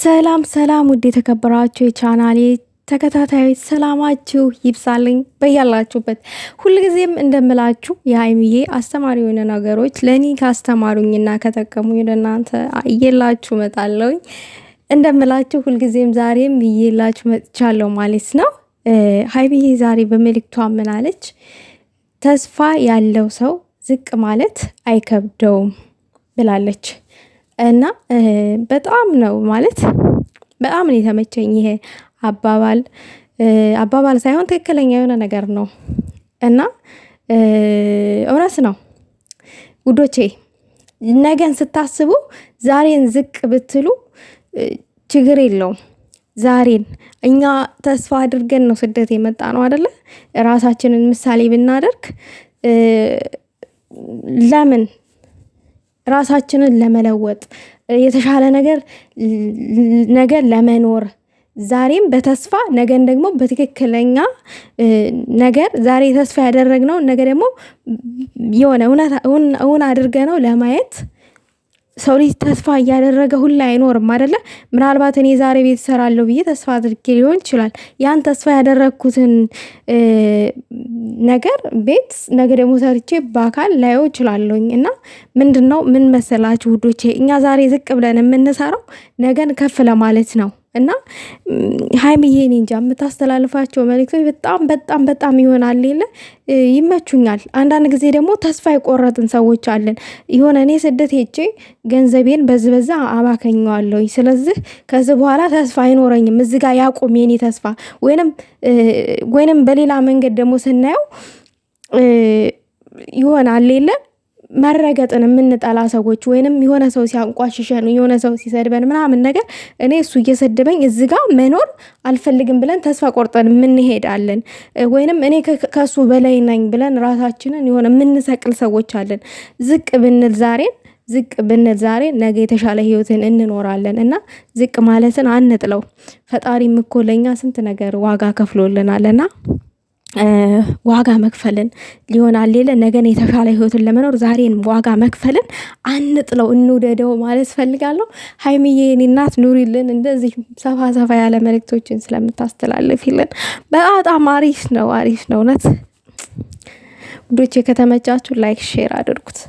ሰላም ሰላም፣ ውድ የተከበራችሁ የቻናሌ ተከታታዮች ሰላማችሁ ይብሳልኝ በያላችሁበት። ሁልጊዜም እንደምላችሁ የሀይሚዬ አስተማሪ የሆነ ነገሮች ለእኔ ካስተማሩኝና ከጠቀሙኝ ወደ እናንተ እየላችሁ እመጣለሁኝ። እንደምላችሁ ሁልጊዜም ዛሬም እየላችሁ መጥቻለሁ ማለት ነው። ሀይሚዬ ዛሬ በመልእክቷ ምን አለች? ተስፋ ያለው ሰው ዝቅ ማለት አይከብደውም ብላለች። እና በጣም ነው ማለት በጣም ነው የተመቸኝ ይሄ አባባል አባባል ሳይሆን ትክክለኛ የሆነ ነገር ነው እና እውነት ነው ውዶቼ። ነገን ስታስቡ ዛሬን ዝቅ ብትሉ ችግር የለውም። ዛሬን እኛ ተስፋ አድርገን ነው ስደት የመጣ ነው አደለ? ራሳችንን ምሳሌ ብናደርግ ለምን ራሳችንን ለመለወጥ የተሻለ ነገር ነገር ለመኖር ዛሬም በተስፋ ነገን ደግሞ በትክክለኛ ነገር ዛሬ ተስፋ ያደረግነው ነገ ደግሞ የሆነ እውን አድርገ ነው ለማየት ሰው ልጅ ተስፋ እያደረገ ሁላ አይኖርም አደለ? ምናልባት እኔ ዛሬ ቤት እሰራለሁ ብዬ ተስፋ አድርጌ ሊሆን ይችላል። ያን ተስፋ ያደረግኩትን ነገር ቤት ነገ ደግሞ ሰርቼ በአካል ላየው እችላለሁኝ። እና ምንድን ነው ምን መሰላችሁ ውዶቼ፣ እኛ ዛሬ ዝቅ ብለን የምንሰራው ነገን ከፍ ለማለት ነው። እና ሀይሚዬ እኔ እንጃ የምታስተላልፋቸው መልእክቶች በጣም በጣም በጣም ይሆናል የለ ይመቹኛል። አንዳንድ ጊዜ ደግሞ ተስፋ የቆረጥን ሰዎች አለን። የሆነ እኔ ስደት ሄጄ ገንዘቤን በዚህ በዛ አባከኘዋለሁኝ። ስለዚህ ከዚህ በኋላ ተስፋ አይኖረኝም፣ እዚህ ጋር ያቁም የኔ ተስፋ። ወይንም ወይንም በሌላ መንገድ ደግሞ ስናየው ይሆናል የለ መረገጥን የምንጠላ ሰዎች ወይንም የሆነ ሰው ሲያንቋሽሸን የሆነ ሰው ሲሰድበን ምናምን ነገር እኔ እሱ እየሰደበኝ እዚ ጋ መኖር አልፈልግም ብለን ተስፋ ቆርጠን የምንሄዳለን። ወይንም እኔ ከሱ በላይ ነኝ ብለን ራሳችንን የሆነ የምንሰቅል ሰዎች አለን። ዝቅ ብንል ዛሬን ዝቅ ብንል ዛሬ ነገ የተሻለ ህይወትን እንኖራለን እና ዝቅ ማለትን አንጥለው። ፈጣሪም እኮ ለእኛ ስንት ነገር ዋጋ ከፍሎልናል እና ዋጋ መክፈልን ሊሆናል ሌለ ነገን የተሻለ ህይወትን ለመኖር ዛሬን ዋጋ መክፈልን አንጥለው እንውደደው ማለት ፈልጋለሁ። ሀይሚዬ የኔ እናት ኑሪልን፣ እንደዚህ ሰፋ ሰፋ ያለ መልእክቶችን ስለምታስተላልፊልን በጣም አሪፍ ነው፣ አሪፍ ነው እውነት። ውዶቼ ከተመቻችሁ ላይክ ሼር አድርጉት።